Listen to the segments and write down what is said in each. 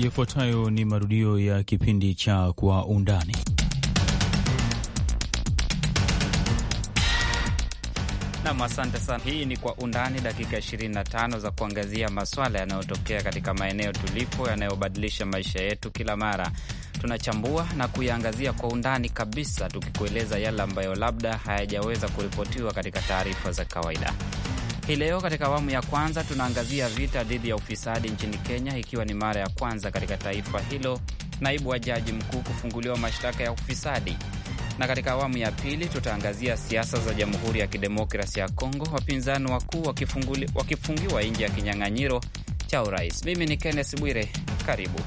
Yafuatayo ni marudio ya kipindi cha Kwa Undani. Nam, asante sana. Hii ni Kwa Undani, dakika 25 za kuangazia maswala yanayotokea katika maeneo tulipo, yanayobadilisha maisha yetu kila mara. Tunachambua na kuyaangazia kwa undani kabisa, tukikueleza yale ambayo labda hayajaweza kuripotiwa katika taarifa za kawaida. Hii leo katika awamu ya kwanza tunaangazia vita dhidi ya ufisadi nchini Kenya, ikiwa ni mara ya kwanza katika taifa hilo naibu wa jaji mkuu kufunguliwa mashtaka ya ufisadi. Na katika awamu ya pili tutaangazia siasa za Jamhuri ya Kidemokrasi ya Kongo, wapinzani wakuu wakifungiwa nje ya kinyang'anyiro cha urais. Mimi ni Kenneth Bwire, karibu.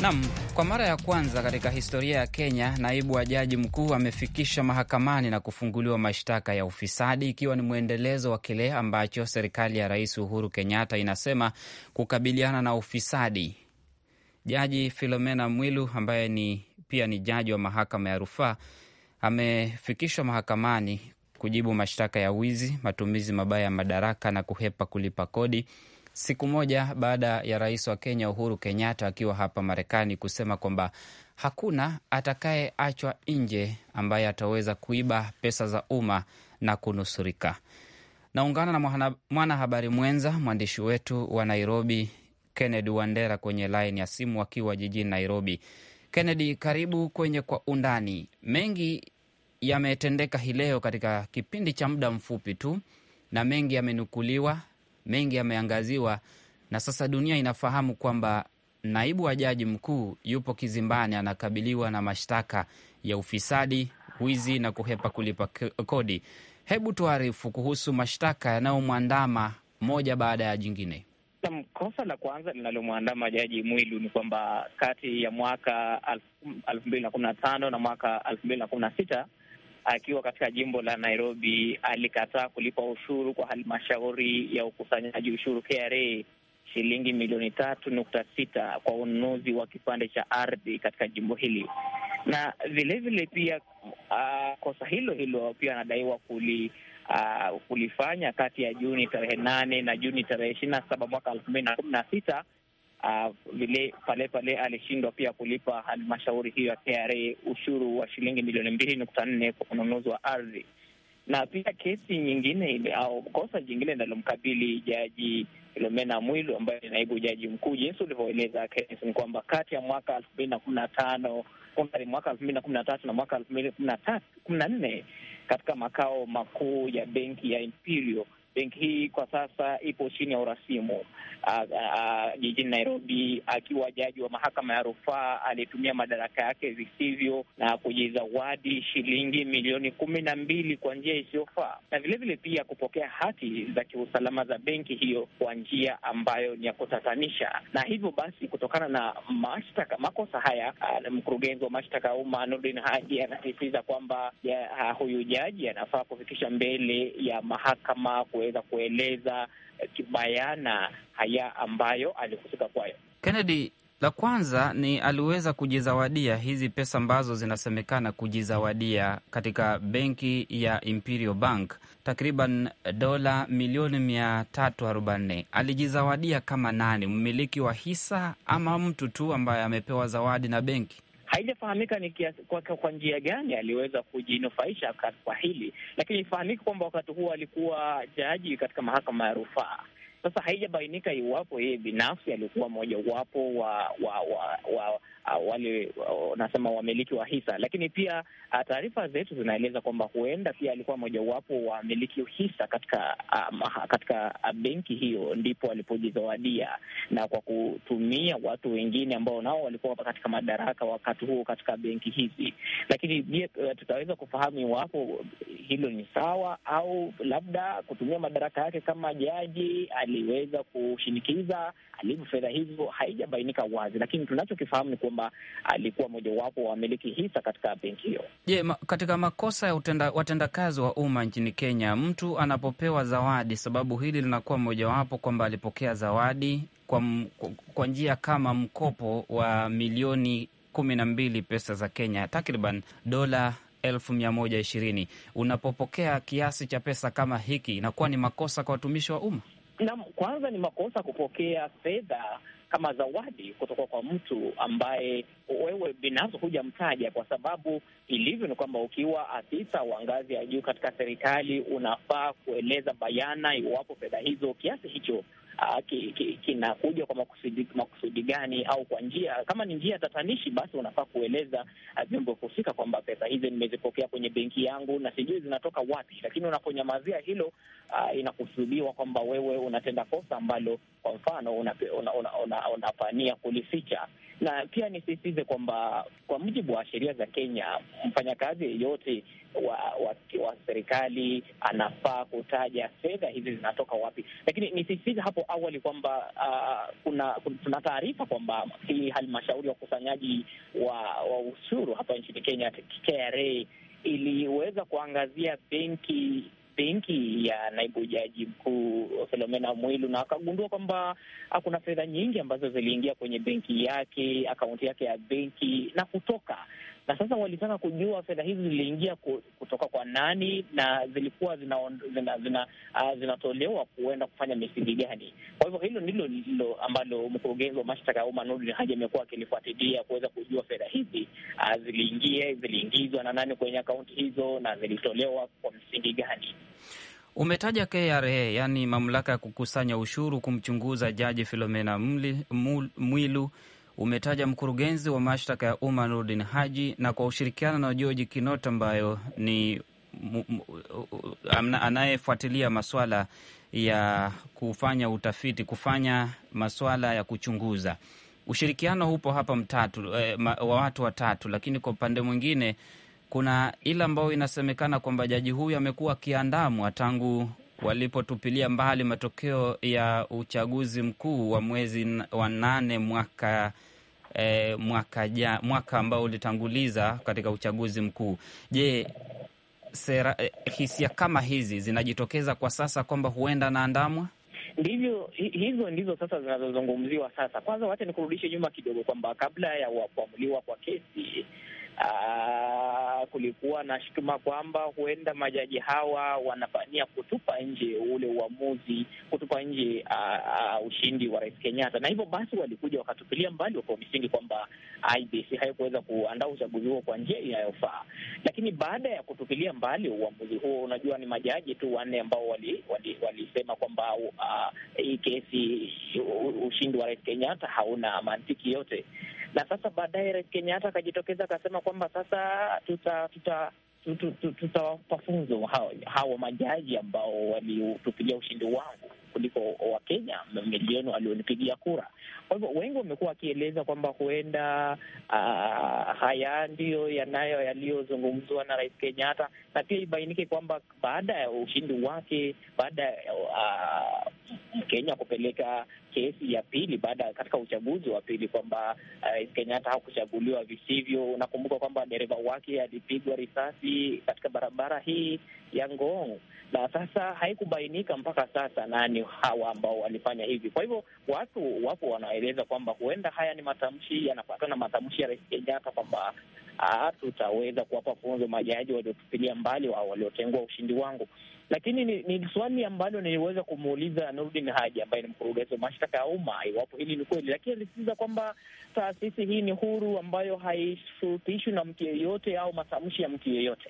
Nam, kwa mara ya kwanza katika historia ya Kenya, naibu wa jaji mkuu amefikisha mahakamani na kufunguliwa mashtaka ya ufisadi, ikiwa ni mwendelezo wa kile ambacho serikali ya Rais Uhuru Kenyatta inasema kukabiliana na ufisadi. Jaji Filomena Mwilu ambaye ni pia ni jaji wa mahakama ya rufaa amefikishwa mahakamani kujibu mashtaka ya wizi, matumizi mabaya ya madaraka na kuhepa kulipa kodi siku moja baada ya rais wa Kenya Uhuru Kenyatta akiwa hapa Marekani kusema kwamba hakuna atakayeachwa nje ambaye ataweza kuiba pesa za umma na kunusurika. Naungana na mwanahabari mwenza mwandishi wetu wa Nairobi Kennedy Wandera kwenye laini ya simu akiwa jijini Nairobi. Kennedy, karibu kwenye Kwa Undani. Mengi yametendeka hii leo katika kipindi cha muda mfupi tu na mengi yamenukuliwa mengi yameangaziwa, na sasa dunia inafahamu kwamba naibu wa jaji mkuu yupo kizimbani, anakabiliwa na mashtaka ya ufisadi, wizi na kuhepa kulipa kodi. Hebu tuarifu kuhusu mashtaka yanayomwandama moja baada ya jingine. Kosa la kwanza linalomwandama Jaji Mwilu ni kwamba kati ya mwaka elfu mbili na kumi na tano na mwaka elfu mbili na kumi na sita akiwa katika jimbo la Nairobi alikataa kulipa ushuru kwa halmashauri ya ukusanyaji ushuru KRA shilingi milioni tatu nukta sita kwa ununuzi wa kipande cha ardhi katika jimbo hili, na vilevile vile pia uh, kosa hilo hilo pia anadaiwa kuli uh, kulifanya kati ya Juni tarehe nane na Juni tarehe ishirini na saba mwaka elfu mbili na kumi na sita Ah, vile uh, pale pale alishindwa pia kulipa halmashauri hiyo ya KRA ushuru wa shilingi milioni mbili nukta nne kwa ununuzi wa ardhi. Na pia kesi nyingine au kosa jingine linalomkabili jaji Filomena Mwilu ambaye ni naibu jaji mkuu, jinsi ulivyoeleza kesi, ni kwamba kati ya mwaka elfu mbili na kumi na tano kumradhi, mwaka elfu mbili na kumi na tatu na mwaka elfu mbili kumi na nne katika makao makuu ya benki ya Imperial benki hii kwa sasa ipo chini ya urasimu jijini Nairobi, akiwa jaji wa mahakama ya rufaa aliyetumia madaraka yake visivyo na kujizawadi shilingi milioni kumi na mbili kwa njia isiyofaa, na vilevile pia kupokea hati za kiusalama za benki hiyo kwa njia ambayo ni ya kutatanisha. Na hivyo basi, kutokana na mashtaka makosa haya, mkurugenzi wa mashtaka ya umma Nurdin Haji anasisitiza kwamba huyu jaji anafaa kufikisha mbele ya mahakama kwe kuweza kueleza eh, kibayana haya ambayo alihusika kwayo. Kennedy, la kwanza ni aliweza kujizawadia hizi pesa ambazo zinasemekana kujizawadia katika benki ya Imperial Bank takriban dola milioni mia tatu arobaini. Alijizawadia kama nani, mmiliki wa hisa ama mtu tu ambaye amepewa zawadi na benki? Haijafahamika ni kwa, kwa njia gani aliweza kujinufaisha kwa hili, lakini ifahamike kwamba wakati huo alikuwa jaji katika mahakama ya rufaa. Sasa haijabainika iwapo yeye binafsi alikuwa mojawapo wa, wa, wa, wa Ah, wale wanasema oh, wamiliki wa hisa, lakini pia ah, taarifa zetu zinaeleza kwamba huenda pia alikuwa mojawapo wa wamiliki hisa katika uh, katika benki hiyo, ndipo alipojizawadia na kwa kutumia watu wengine ambao nao walikuwa katika madaraka wakati huo katika benki hizi. Lakini je, eh, tutaweza kufahamu iwapo hilo ni sawa au labda kutumia madaraka yake kama jaji aliweza kushinikiza alibu fedha hizo, haijabainika wazi, lakini tunachokifahamu ni kwamba kwamba alikuwa mojawapo wa wamiliki hisa katika benki hiyo. Je, ma, katika makosa ya watendakazi wa umma nchini Kenya, mtu anapopewa zawadi, sababu hili linakuwa mojawapo kwamba alipokea zawadi kwa, kwa njia kama mkopo wa milioni kumi na mbili pesa za Kenya, takriban dola elfu mia moja ishirini. Unapopokea kiasi cha pesa kama hiki, inakuwa ni makosa kwa watumishi wa umma? Naam, kwanza ni makosa kupokea fedha kama zawadi kutoka kwa mtu ambaye wewe binafsi hujamtaja, kwa sababu ilivyo ni kwamba ukiwa afisa wa ngazi ya juu katika serikali unafaa kueleza bayana iwapo fedha hizo kiasi hicho kinakuja uh, ki, ki, kwa makusudi, makusudi gani au kwa njia kama ni njia tatanishi, basi unafaa kueleza uh, vyombo husika kwamba pesa hizi nimezipokea kwenye benki yangu na sijui zinatoka wapi. Lakini unaponyamazia hilo, uh, inakusudiwa kwamba wewe unatenda kosa ambalo kwa mfano unapania una, una, una, una kulificha na pia nisisitize kwamba kwa mujibu wa sheria za Kenya, mfanyakazi yeyote wa, wa, wa serikali anafaa kutaja fedha hizi zinatoka wapi, lakini nisisitize hapo awali kwamba uh, kuna tuna taarifa kwamba hii halmashauri ya ukusanyaji wa, wa ushuru hapa nchini Kenya KRA iliweza kuangazia benki benki ya naibu jaji mkuu Filomena Mwilu na akagundua kwamba kuna fedha nyingi ambazo ziliingia kwenye benki yake, akaunti yake ya benki na kutoka na sasa walitaka kujua fedha hizi ziliingia kutoka kwa nani na zilikuwa zinatolewa zina, zina, ah, zina kuenda kufanya misingi gani. Kwa hivyo hilo ndilo lilo ambalo mkurugenzi wa mashtaka ya umma Haji amekuwa akilifuatilia kuweza kujua fedha hizi ah, ziliingia, ziliingizwa na nani kwenye akaunti hizo na zilitolewa kwa msingi gani. Umetaja KRA, yaani mamlaka ya kukusanya ushuru, kumchunguza Jaji Filomena Mwilu umetaja mkurugenzi wa mashtaka ya umma Nurdin Haji na kwa ushirikiano na George Kinot ambayo ni anayefuatilia maswala ya kufanya utafiti, kufanya maswala ya kuchunguza. Ushirikiano hupo hapa mtatu eh, ma, wa watu watatu, lakini kwa upande mwingine kuna ile ambayo inasemekana kwamba jaji huyu amekuwa akiandamwa tangu walipotupilia mbali matokeo ya uchaguzi mkuu wa mwezi wa nane mwaka eh, mwaka, ja, mwaka ambao ulitanguliza katika uchaguzi mkuu. Je, sera eh, hisia kama hizi zinajitokeza kwa sasa kwamba huenda anaandamwa? Ndivyo hizo ndizo sasa zinazozungumziwa sasa. Kwanza wacha nikurudishe nyuma kidogo, kwamba kabla ya kuamuliwa kwa kesi Ah, kulikuwa na shutuma kwamba huenda majaji hawa wanapania kutupa nje ule uamuzi, kutupa nje ah, ah, ushindi wa Rais Kenyatta, na hivyo basi walikuja wakatupilia mbali kwa misingi kwamba IBC haikuweza kuandaa uchaguzi huo kwa njia inayofaa. Lakini baada ya kutupilia mbali uamuzi huo, unajua ni majaji tu wanne ambao walisema wali, wali kwamba hii kesi, ushindi wa Rais Kenyatta hauna mantiki yote na sasa baadaye Rais Kenyatta akajitokeza akasema kwamba sasa tuta tuta tutawapa funzo hawa majaji ambao walitupigia ushindi wangu kuliko Wakenya milioni walionipigia kura. Kwa hivyo wengi wamekuwa wakieleza kwamba huenda uh, haya ndiyo yanayo yaliyozungumzwa na Rais Kenyatta, na pia ibainike kwamba baada ya ushindi wake, baada ya uh, Kenya kupeleka kesi ya pili baada katika uchaguzi wa pili kwamba uh, Kenyatta hakuchaguliwa visivyo. Unakumbuka kwamba dereva wake alipigwa risasi katika barabara hii ya Ngong, na sasa haikubainika mpaka sasa nani hawa ambao walifanya hivi. Kwa hivyo watu wapo wanaeleza kwamba huenda haya ni matamshi yanapatana matamshi ya Rais Kenyatta kwamba ah, tutaweza kuwapa funzo majaji waliotupilia mbali wa waliotengua ushindi wangu. Lakini ni, ni swali ambalo niliweza kumuuliza Nurdin Haji ambaye ni mkurugenzi wa mashtaka ya umma iwapo hili ni kweli, lakini alisisitiza kwamba taasisi hii ni huru ambayo haishurutishwi na mtu yeyote au matamshi ya mtu yeyote.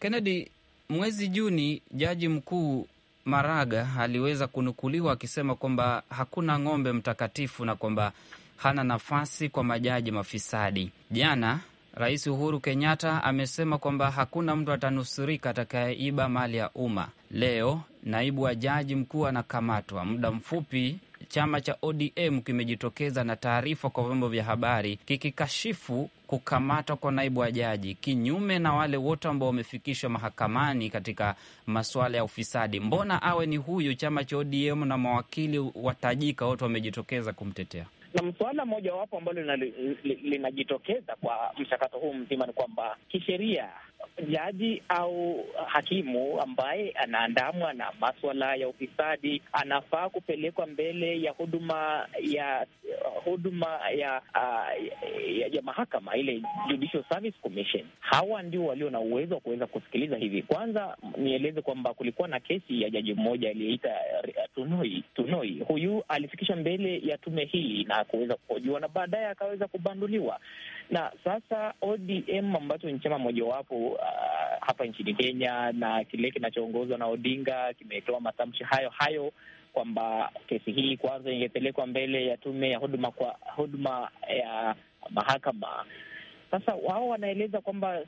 Kennedy, mwezi Juni jaji mkuu Maraga aliweza kunukuliwa akisema kwamba hakuna ng'ombe mtakatifu na kwamba hana nafasi kwa majaji mafisadi. Jana Rais Uhuru Kenyatta amesema kwamba hakuna mtu atanusurika atakayeiba mali ya umma. Leo naibu wa jaji mkuu anakamatwa. Muda mfupi chama cha ODM kimejitokeza na taarifa kwa vyombo vya habari kikikashifu kukamatwa kwa naibu wa jaji, kinyume na wale wote ambao wamefikishwa mahakamani katika masuala ya ufisadi. Mbona awe ni huyu? Chama cha ODM na mawakili watajika wote wamejitokeza kumtetea na suala mojawapo ambalo linajitokeza li, li, kwa mchakato huu mzima ni kwamba kisheria jaji au hakimu ambaye anaandamwa na maswala ya ufisadi anafaa kupelekwa mbele ya huduma ya huduma ya, uh, ya, ya mahakama ile Judicial Service Commission. Hawa ndio walio na uwezo wa kuweza kusikiliza hivi. Kwanza nieleze kwamba kulikuwa na kesi ya jaji mmoja aliyeita uh, Tunoi. Tunoi huyu alifikisha mbele ya tume hii na kuweza kuhojiwa na baadaye akaweza kubanduliwa na sasa ODM ambacho ni chama mojawapo uh, hapa nchini Kenya na kile kinachoongozwa na Odinga kimetoa matamshi hayo hayo kwamba kesi hii kwanza ingepelekwa mbele ya tume ya huduma kwa huduma ya mahakama. Sasa wao wanaeleza kwamba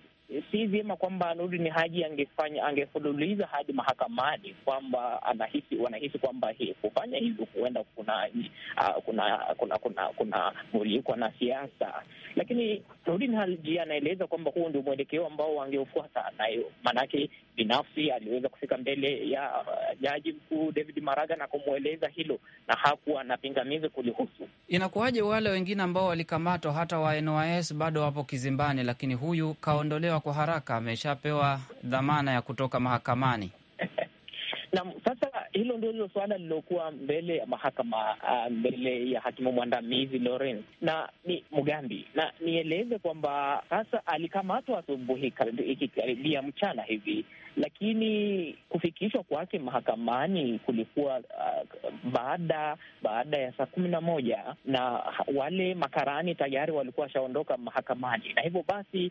si vyema kwamba Nurdin Haji angefanya angefululiza hadi mahakamani kwamba anahisi wanahisi kwamba kufanya hivyo huenda kuna uh, kuna kuna kuna kuna muliko na siasa, lakini Nurdin Haji anaeleza kwamba huo ndio mwelekeo ambao wangeofuata, nayo maanake binafsi aliweza kufika mbele ya uh, jaji mkuu David Maraga na kumweleza hilo, na hakuwa na pingamizi kulihusu. Inakuwaje wale wengine ambao walikamatwa hata wa NYS bado wapo kizimbani, lakini huyu kaondolewa kwa haraka, ameshapewa dhamana ya kutoka mahakamani? Na sasa hilo ndio hilo suala lililokuwa mbele ya mahakama uh, mbele ya hakimu mwandamizi Lawrence na ni Mugambi, na nieleze kwamba sasa alikamatwa asubuhi ikikaribia mchana hivi lakini kufikishwa kwake mahakamani kulikuwa uh, baada baada ya saa kumi na moja na wale makarani tayari walikuwa washaondoka mahakamani, na hivyo basi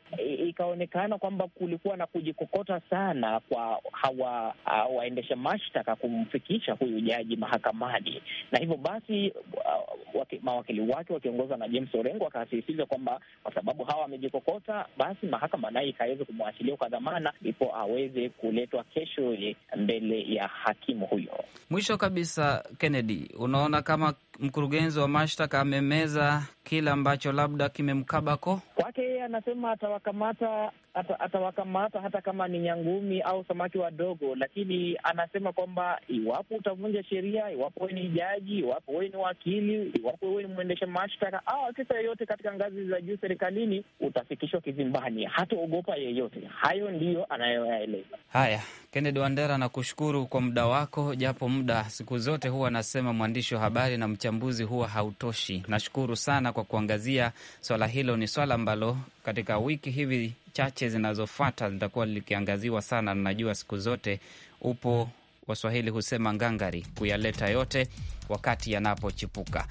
ikaonekana kwamba kulikuwa na kujikokota sana kwa hawa uh, waendesha mashtaka kumfikisha huyu jaji mahakamani, na hivyo basi uh, waki, mawakili wake wakiongozwa na James Orengo akasisitiza kwamba kwa sababu hawa wamejikokota, basi mahakama naye ikaweza kumwachilia kwa dhamana, ndipo aweze kuletwa kesho mbele ya hakimu huyo. Mwisho kabisa, Kennedy, unaona kama mkurugenzi wa mashtaka amemeza kile ambacho labda kimemkabako kwake. Yeye anasema atawakamata ata, atawakamata hata kama ni nyangumi au samaki wadogo, lakini anasema kwamba iwapo utavunja sheria, iwapo wewe ni jaji, iwapo wewe ni wakili, iwapo wewe ni mwendesha mashtaka au afisa yeyote katika ngazi za juu serikalini, utafikishwa kizimbani, ogopa yeyote. Hayo ndiyo anayoyaeleza. Haya, Kennedy Wandera, nakushukuru kwa muda wako, japo muda siku zote huwa anasema mwandishi wa habari na uchambuzi huwa hautoshi. Nashukuru sana kwa kuangazia swala hilo. Ni swala ambalo katika wiki hivi chache zinazofuata litakuwa likiangaziwa sana. Najua siku zote upo, Waswahili husema ngangari kuyaleta yote wakati yanapochipuka.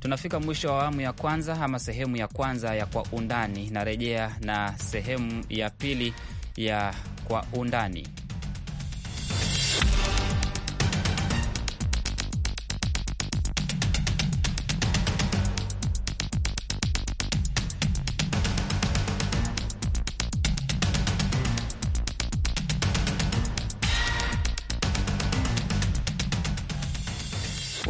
Tunafika mwisho wa awamu ya kwanza ama sehemu ya kwanza ya Kwa Undani. Narejea na sehemu ya pili ya Kwa Undani.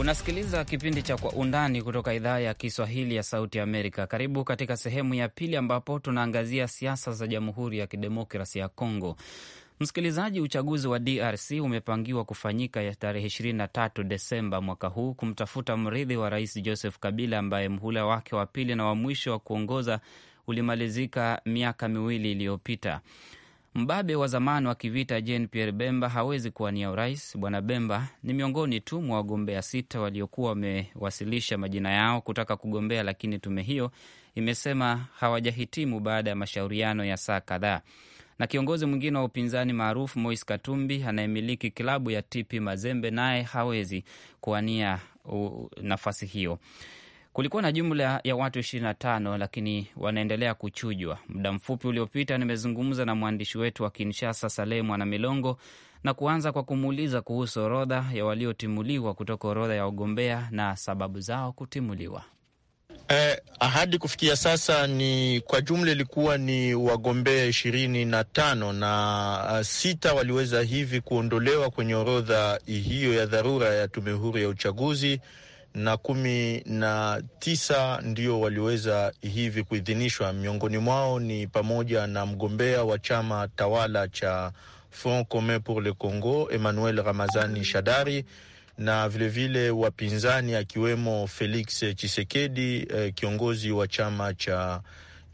Unasikiliza kipindi cha Kwa Undani kutoka idhaa ya Kiswahili ya Sauti Amerika. Karibu katika sehemu ya pili, ambapo tunaangazia siasa za Jamhuri ya Kidemokrasi ya congo Msikilizaji, uchaguzi wa DRC umepangiwa kufanyika ya tarehe 23 Desemba mwaka huu kumtafuta mrithi wa Rais Joseph Kabila ambaye mhula wake wa pili na wa mwisho wa kuongoza ulimalizika miaka miwili iliyopita. Mbabe wa zamani wa kivita Jean Pierre Bemba hawezi kuwania urais. Bwana Bemba ni miongoni tu mwa wagombea sita waliokuwa wamewasilisha majina yao kutaka kugombea, lakini tume hiyo imesema hawajahitimu baada ya mashauriano ya saa kadhaa. Na kiongozi mwingine wa upinzani maarufu Moise Katumbi anayemiliki klabu ya TP Mazembe naye hawezi kuwania nafasi hiyo. Kulikuwa na jumla ya watu 25 lakini wanaendelea kuchujwa. Muda mfupi uliopita nimezungumza na mwandishi wetu wa Kinshasa, Saleh Mwana Milongo, na kuanza kwa kumuuliza kuhusu orodha ya waliotimuliwa kutoka orodha ya wagombea na sababu zao kutimuliwa. Eh, ahadi kufikia sasa ni kwa jumla ilikuwa ni wagombea ishirini na tano na eh, sita waliweza hivi kuondolewa kwenye orodha hiyo ya dharura ya tume huru ya uchaguzi na kumi na tisa ndio waliweza hivi kuidhinishwa. Miongoni mwao ni pamoja na mgombea wa chama tawala cha Front Commun pour le Congo Emmanuel Ramazani Shadari na vilevile vile wapinzani akiwemo Felix chisekedi eh, kiongozi wa chama cha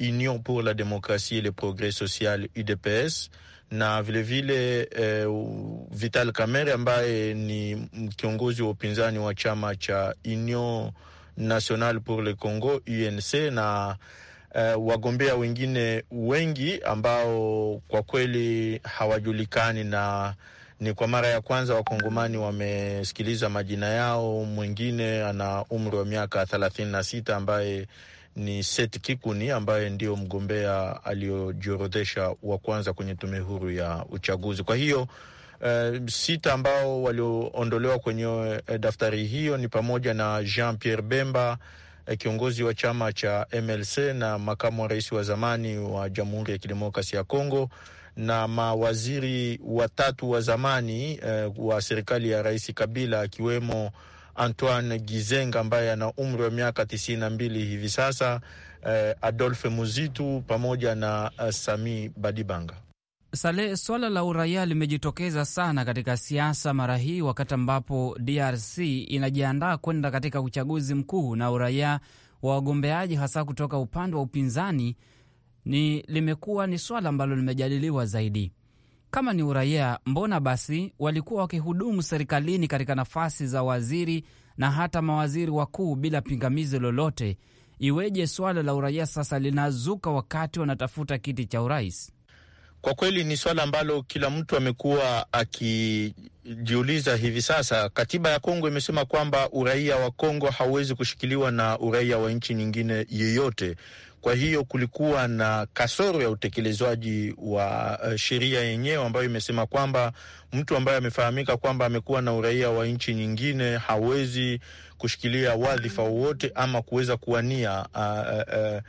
Union pour la Democratie et le Progres Social UDPS na vilevile vile, eh, Vital Kamerhe ambaye ni kiongozi wa upinzani wa chama cha Union Nationale pour le Congo UNC na eh, wagombea wengine wengi ambao kwa kweli hawajulikani, na ni kwa mara ya kwanza wakongomani wamesikiliza majina yao. Mwingine ana umri wa miaka thelathini na sita ambaye ni Seth Kikuni ambaye ndiyo mgombea aliyojiorodhesha wa kwanza kwenye tume huru ya uchaguzi. Kwa hiyo Uh, sita ambao walioondolewa kwenye uh, daftari hiyo ni pamoja na Jean Pierre Bemba uh, kiongozi wa chama cha MLC na makamu wa rais wa zamani wa Jamhuri ya Kidemokrasia ya Kongo na mawaziri watatu wa zamani uh, wa serikali ya Rais Kabila akiwemo Antoine Gizenga ambaye ana umri wa miaka tisini na mbili hivi sasa, eh, Adolfe Muzitu pamoja na eh, Sami Badibanga. Sale, swala la uraia limejitokeza sana katika siasa mara hii, wakati ambapo DRC inajiandaa kwenda katika uchaguzi mkuu, na uraia wa wagombeaji hasa kutoka upande wa upinzani ni limekuwa ni swala ambalo limejadiliwa zaidi. Kama ni uraia, mbona basi walikuwa wakihudumu serikalini katika nafasi za waziri na hata mawaziri wakuu bila pingamizi lolote? Iweje swala la uraia sasa linazuka wakati wanatafuta kiti cha urais? Kwa kweli ni swala ambalo kila mtu amekuwa akijiuliza hivi sasa. Katiba ya Kongo imesema kwamba uraia wa Kongo hauwezi kushikiliwa na uraia wa nchi nyingine yeyote. Kwa hiyo kulikuwa na kasoro ya utekelezaji wa eh, sheria yenyewe ambayo imesema kwamba mtu ambaye amefahamika kwamba amekuwa na uraia wa nchi nyingine hawezi kushikilia wadhifa wowote ama kuweza kuwania uh, ah, uh, eh, eh,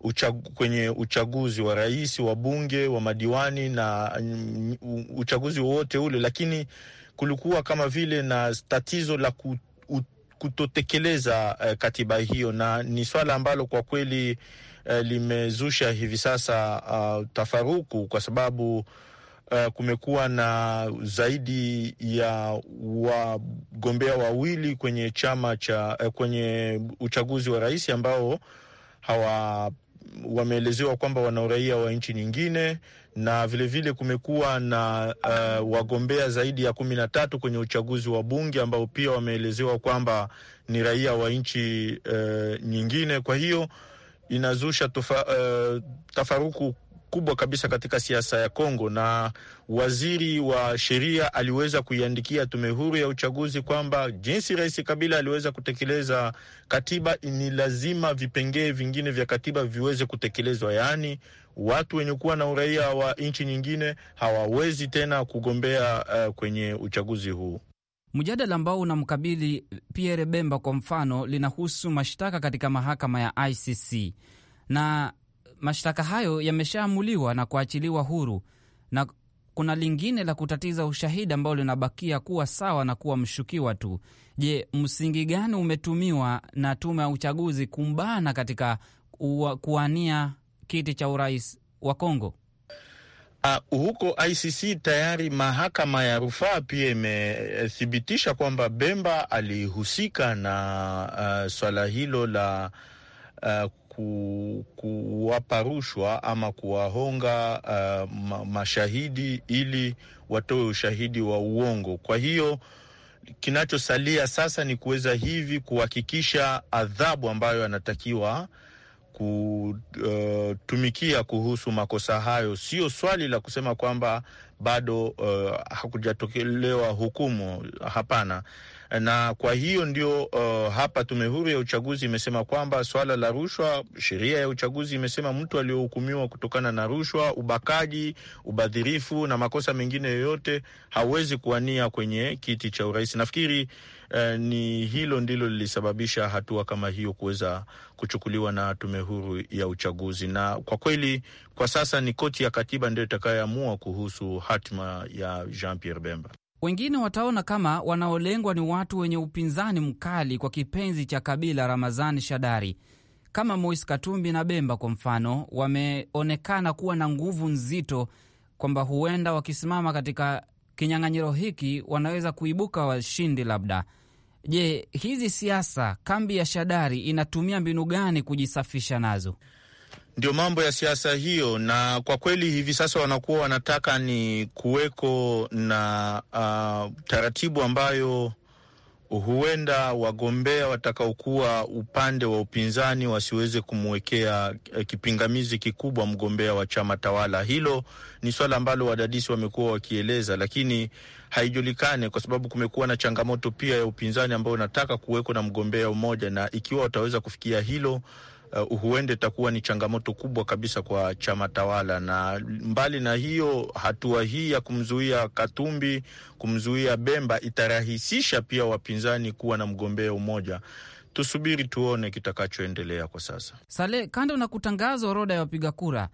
Uchagu, kwenye uchaguzi wa rais, wa bunge, wa madiwani na uchaguzi wowote ule, lakini kulikuwa kama vile na tatizo la kutotekeleza katiba hiyo, na ni swala ambalo kwa kweli eh, limezusha hivi sasa uh, tafaruku kwa sababu uh, kumekuwa na zaidi ya wagombea wawili kwenye chama cha uh, kwenye uchaguzi wa rais ambao hawa wameelezewa kwamba wana uraia wa nchi nyingine na vilevile vile kumekuwa na uh, wagombea zaidi ya kumi na tatu kwenye uchaguzi wa bunge ambao pia wameelezewa kwamba ni raia wa nchi uh, nyingine. Kwa hiyo inazusha tufa, uh, tafaruku kubwa kabisa katika siasa ya Kongo, na waziri wa sheria aliweza kuiandikia tume huru ya uchaguzi kwamba jinsi Rais Kabila aliweza kutekeleza katiba, ni lazima vipengee vingine vya katiba viweze kutekelezwa, yaani watu wenye kuwa na uraia wa nchi nyingine hawawezi tena kugombea uh, kwenye uchaguzi huu. Mjadala ambao unamkabili Pierre Bemba kwa mfano linahusu mashtaka katika mahakama ya ICC na mashtaka hayo yameshaamuliwa na kuachiliwa huru, na kuna lingine la kutatiza ushahidi ambao linabakia kuwa sawa na kuwa mshukiwa tu. Je, msingi gani umetumiwa na tume ya uchaguzi kumbana katika kuwania kiti cha urais wa Kongo? Uh, huko ICC tayari mahakama ya rufaa pia imethibitisha kwamba Bemba alihusika na uh, swala hilo la uh, kuwapa rushwa ama kuwahonga uh, ma mashahidi ili watoe ushahidi wa uongo. Kwa hiyo kinachosalia sasa ni kuweza hivi kuhakikisha adhabu ambayo anatakiwa kutumikia kuhusu makosa hayo. Sio swali la kusema kwamba bado uh, eh, hakujatokelewa hukumu. Hapana na kwa hiyo ndio uh, hapa tume huru ya uchaguzi imesema kwamba swala la rushwa, sheria ya uchaguzi imesema mtu aliyohukumiwa kutokana na rushwa, ubakaji, ubadhirifu na makosa mengine yoyote hawezi kuwania kwenye kiti cha urais. Nafikiri uh, ni hilo ndilo lilisababisha hatua kama hiyo kuweza kuchukuliwa na tume huru ya uchaguzi, na kwa kweli kwa sasa ni koti ya katiba ndio itakayoamua kuhusu hatima ya Jean Pierre Bemba. Wengine wataona kama wanaolengwa ni watu wenye upinzani mkali kwa kipenzi cha kabila Ramazani Shadari, kama Moise Katumbi na Bemba kwa mfano, wameonekana kuwa na nguvu nzito, kwamba huenda wakisimama katika kinyang'anyiro hiki wanaweza kuibuka washindi labda. Je, hizi siasa kambi ya Shadari inatumia mbinu gani kujisafisha nazo? ndio mambo ya siasa hiyo, na kwa kweli hivi sasa wanakuwa wanataka ni kuweko na uh, taratibu ambayo huenda wagombea watakaokuwa upande wa upinzani wasiweze kumwekea eh, kipingamizi kikubwa mgombea wa chama tawala. Hilo ni swala ambalo wadadisi wamekuwa wakieleza, lakini haijulikane kwa sababu kumekuwa na changamoto pia ya upinzani ambao unataka kuweko na mgombea mmoja, na ikiwa wataweza kufikia hilo uh, huende itakuwa ni changamoto kubwa kabisa kwa chama tawala. Na mbali na hiyo, hatua hii ya kumzuia Katumbi, kumzuia Bemba itarahisisha pia wapinzani kuwa na mgombea umoja. Tusubiri tuone kitakachoendelea kwa sasa. Sale, kando na kutangaza orodha ya wapiga kura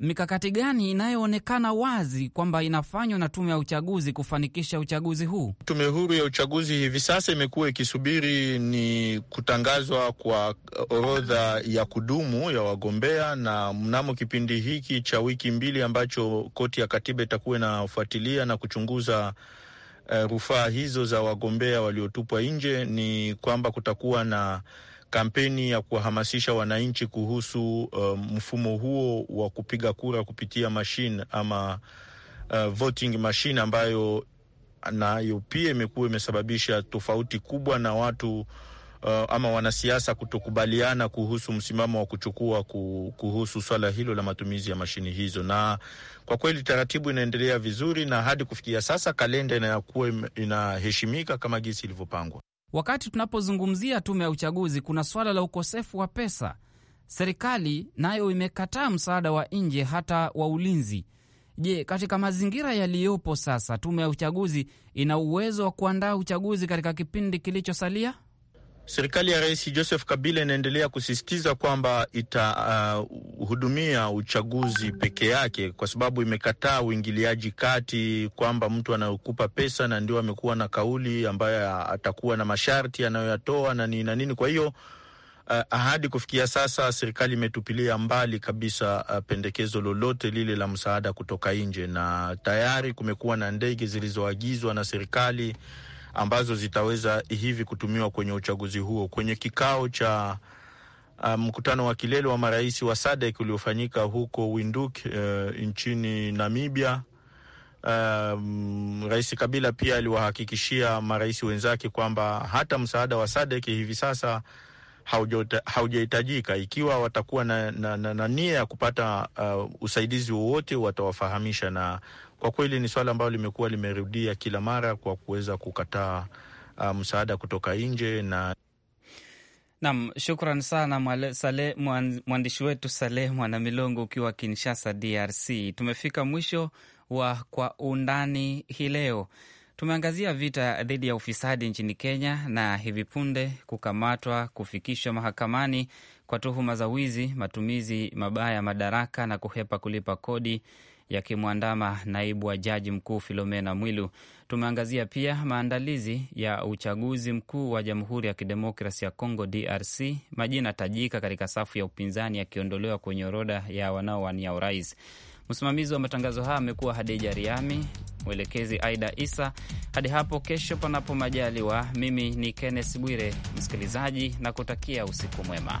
mikakati gani inayoonekana wazi kwamba inafanywa na tume ya uchaguzi kufanikisha uchaguzi huu? Tume huru ya uchaguzi hivi sasa imekuwa ikisubiri ni kutangazwa kwa orodha ya kudumu ya wagombea, na mnamo kipindi hiki cha wiki mbili ambacho koti ya katiba itakuwa inafuatilia na kuchunguza uh, rufaa hizo za wagombea waliotupwa nje, ni kwamba kutakuwa na kampeni ya kuwahamasisha wananchi kuhusu uh, mfumo huo wa kupiga kura kupitia mashine ama uh, voting machine ambayo nayo pia imekuwa imesababisha tofauti kubwa na watu Uh, ama wanasiasa kutokubaliana kuhusu msimamo wa kuchukua kuhusu swala hilo la matumizi ya mashini hizo, na kwa kweli taratibu inaendelea vizuri, na hadi kufikia sasa kalenda inayokuwa inaheshimika kama jinsi ilivyopangwa wakati tunapozungumzia tume ya uchaguzi, kuna suala la ukosefu wa pesa. Serikali nayo imekataa msaada wa nje, hata wa ulinzi. Je, katika mazingira yaliyopo sasa, tume ya uchaguzi ina uwezo wa kuandaa uchaguzi katika kipindi kilichosalia? Serikali ya Rais Joseph Kabila inaendelea kusisitiza kwamba itahudumia uh, uchaguzi peke yake, kwa sababu imekataa uingiliaji kati, kwamba mtu anayokupa pesa na ndio amekuwa na kauli ambayo atakuwa na masharti anayoyatoa na nini na nini. Kwa hiyo uh, ahadi kufikia sasa serikali imetupilia mbali kabisa uh, pendekezo lolote lile la msaada kutoka nje, na tayari kumekuwa na ndege zilizoagizwa na serikali ambazo zitaweza hivi kutumiwa kwenye uchaguzi huo. Kwenye kikao cha uh, mkutano um, wa kilele wa marais wa SADC uliofanyika huko Windhoek uh, nchini Namibia, um, Rais Kabila pia aliwahakikishia marais wenzake kwamba hata msaada wa SADC hivi sasa haujahitajika. Ikiwa watakuwa na, na, na, na nia ya kupata uh, usaidizi wowote watawafahamisha, na kwa kweli ni swala ambalo limekuwa limerudia kila mara kwa kuweza kukataa uh, msaada kutoka nje na Nam, shukran sana mwandishi wetu Saleh Mwanamilongo ukiwa Kinshasa, DRC. Tumefika mwisho wa Kwa Undani hii leo. Tumeangazia vita dhidi ya ufisadi nchini Kenya na hivi punde kukamatwa, kufikishwa mahakamani kwa tuhuma za wizi, matumizi mabaya ya madaraka na kuhepa kulipa kodi yakimwandama naibu wa jaji mkuu Filomena Mwilu. Tumeangazia pia maandalizi ya uchaguzi mkuu wa Jamhuri ya Kidemokrasi ya congo DRC, majina tajika katika safu ya upinzani yakiondolewa kwenye orodha ya wanaowania urais. Msimamizi wa matangazo haya amekuwa Hadija Riami, mwelekezi Aida Isa. Hadi hapo kesho, panapo majaliwa. Mimi ni Kenneth Bwire, msikilizaji, na kutakia usiku mwema.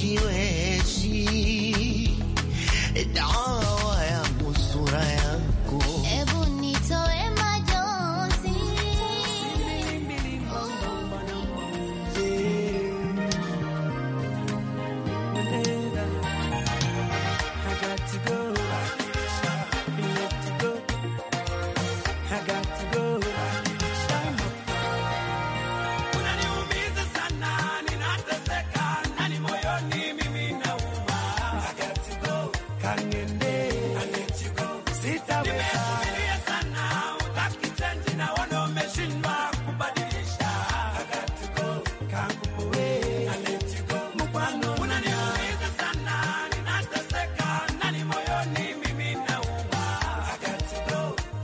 jiwe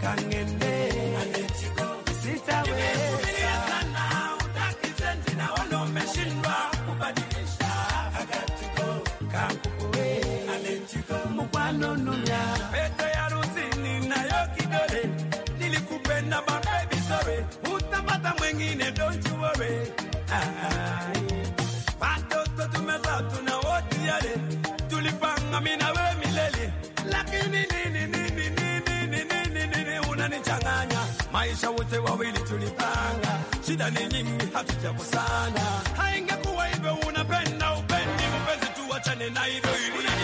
can end wawili tulipanga, shida ni nyingi, hatujakosana. Haingekuwa hivyo, unapenda upendi, mpenzi, tuachane na hivyo ilivyo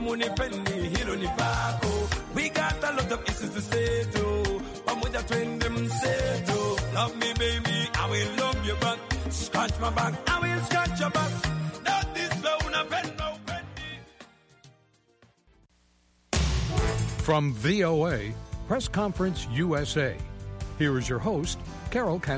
ni We got a lot of issues to Love me baby, I will love you back, scratch my back, I will scratch your back. From VOA, Press Conference USA, here is your host, Carol Castro.